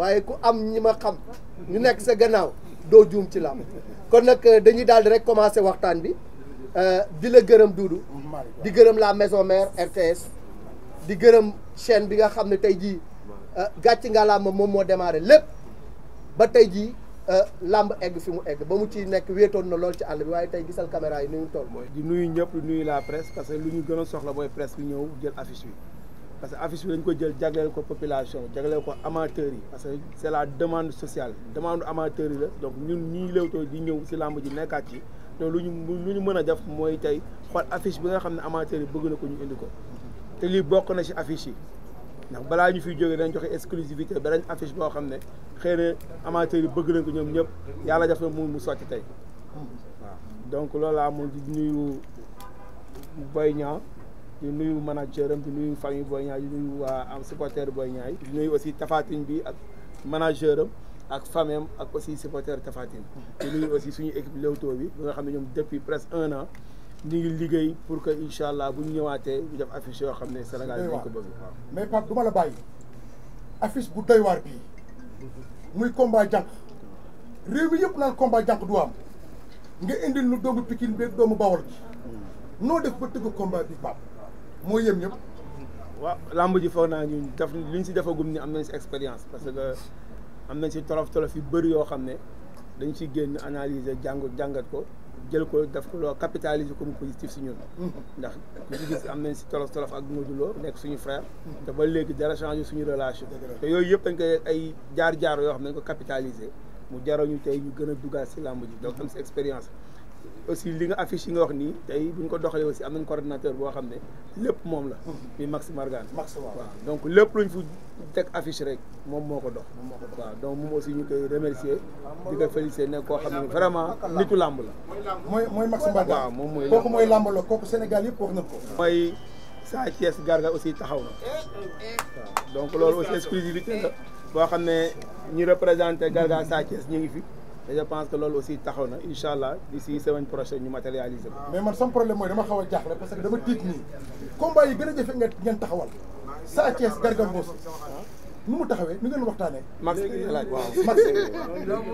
waaye ku am ñi ma xam ñu nekk sa gannaaw doo juum ci làmb kon nag euh, dañuy daal di rek commencer waxtaan bi euh, di la gërëm Doudou di gërëm la maison mère RTS di gërëm chaîne bi nga xam ne tey jii euh, gàcc nga làmb moom moo démarré lépp ba tey jii làmb egg fi mu egg ba mu ci nekk wéetoon na lool ci àll bi waaye tey gisal caméra yi nu ñu toll. di nuyu ñëpp di nuyu la presse parce que lu ñu gën soxla mooy presse bi ñëw jël affiche bi. parce que affiche bi dañ ko jël jagleel ko population jagleel ko amateurs yi parce que c'est la demande social demande amateurs yi la donc ñun ñii Leewtoo di ñëw si làmb ji nekkaat ci donc lu ñu ñu mën a def mooy tey xool affiche bi nga xam ne amateurs yi bëgg na ñu indi ko lii bokk na si affiche yi ndax balaa ñu fiy jógee dañ joxe exclusivité beneen affiche boo xam ne xëy na amateurs yi bëgg nañ ko ñoom ñëpp yàlla def na mu mu sotti tey waaw donc loolu laa moom di nuyu Boy Niang di nuyu manager am di nuyu famille Boy Niang di nuyu waa am supporter Boy Niang di nuyu aussi Tafatine bi ak manager ak famille ak aussi supporter Tafatine di nuyu aussi suñu équipe Leewtoo bi bi nga xam ne ñoom depuis presque un an ñu ngi liggéey pour que incha allah bu ñu ñëwaatee ñu def yoo xam ne Sénégal dañ ko bëgg mais Pape du ma la bàyyi bu doy waar bii muy combat jànq réew mi yëpp naan combat jànq du am nga indi lu doomu Pikine bi doomu Bawol bi noo def ba tëgg combat bi Pape moo yëm ñëpp. waaw làmb ji foog naa ñu def li ñu si defagum ni am nañ si expérience parce que am nañ si tolof tolof yu bëri yoo xam ne dañu si génn analyser jàng jàngat ko jël ko def loo capitaliser comme positif si ñun. Mm-hmm. ndax ñu si gis am nañ si tolof tolof ak Modou nekk suñu frère. Mm-hmm. te ba léegi dara changé suñu relation. te yooyu yëpp dañ koy ay jaar jaar yoo xam ne dañ ko capitaliser mu jaroon ñu tey ñu gën a dugaat si làmb ji donc am si expérience. aussi li nga affiche yi nga wax nii tey bu ñu ko doxalee aussi am nañ coordinateur boo xam ne lépp moom la. mi mhm. Max Margane. Max waaw donc lépp luñ fu teg affice rek moom moo ko dox. waaw donc moom aussi ñu koy remercier di ko féliciter ne koo xam ne vraiment nitu làmb la. mooy mooy Max Margane moom mooy. kooku mooy làmb la kooku Sénégal yëpp wax na ko. mooy Sa Thiès Garga aussi taxaw na eh, eh, eh. donc loolu aussi exclusivité la boo xam ne ñu représenté Garga Sa Thiès ñu ngi fi. et je pense que loolu aussi taxaw na incha allah d'ici semaine prochaine ñu matérialiser mais man sama mooy dama xaw a jaaxle parce que dama tiit nii combat yi gën a jafe ngeen taxawal Sa Thiès Garga nu mu taxawee nu ngeen waxtaanee. Max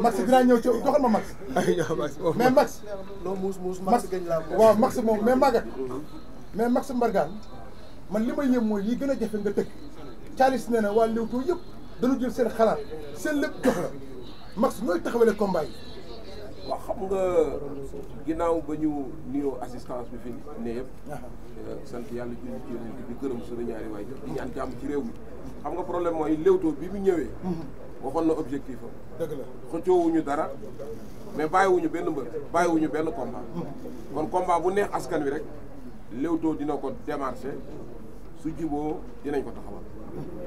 Max Max ma Max. mais Max. non muus muus Max gën waaw Max moom mais Magat. mais Max Mbargaan man li ma yëm mooy yi gën a jafe nga tëkk. Thialis nee na waa Leewtoo yëpp dañu jël seen xalaat seen lépp jox la. Max nooy taxawale combat yi. waa xam nga ginnaaw ba ñu nuyoo assistance bi fi ne yëpp. Uh-huh. Eh, sant yàlla julli ci yonent bi gërëm suñu ñaari waay di ñaan jàmm ci réew mi. xam nga problème mooy léewtoo bi mu ñëwee. Uh-huh. waxoon na objectif am. dëgg la xëccoowuñu dara mais bàyyiwuñu benn mbër bàyyiwuñu benn combat. Uh-huh. kon combat bu neex askan wi rek léewtoo dina ko démarché. su jiboo dinañ ko taxawal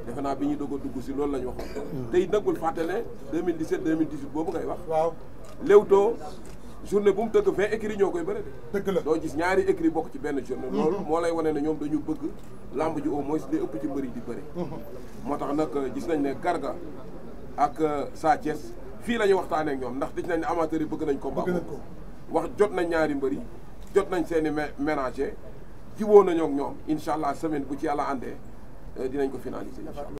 defe naa bi ñu doog a dugg si loolu la ñu waxoon tey nagul fàtte ne 2017 2018 boobu ngay wax waaw Leewtoo journée bu mu tëgg vingt écrits ñoo koy bëre de dëgg la doo gis ñaari écrits bokk ci benn journée mm-hmm. loolu moo lay wane ne ñoom dañu bëgg lamb ji au moins li ëpp ci mbari yi di bëri mm-hmm. moo tax nag gis nañ ne Garga ak euh, Sa Thiès fii la ñu waxtaanee ak ñoom ndax gis nañ ne amateurs yi bëgg nañ ko bëgg nañ ko wax jot nañ ñaari mbër yi jot nañ seen i ménager jiwoo nañoo ak ñoom incha allah semaine bu ci yàlla àndee eh, dinañ ko finaliser incha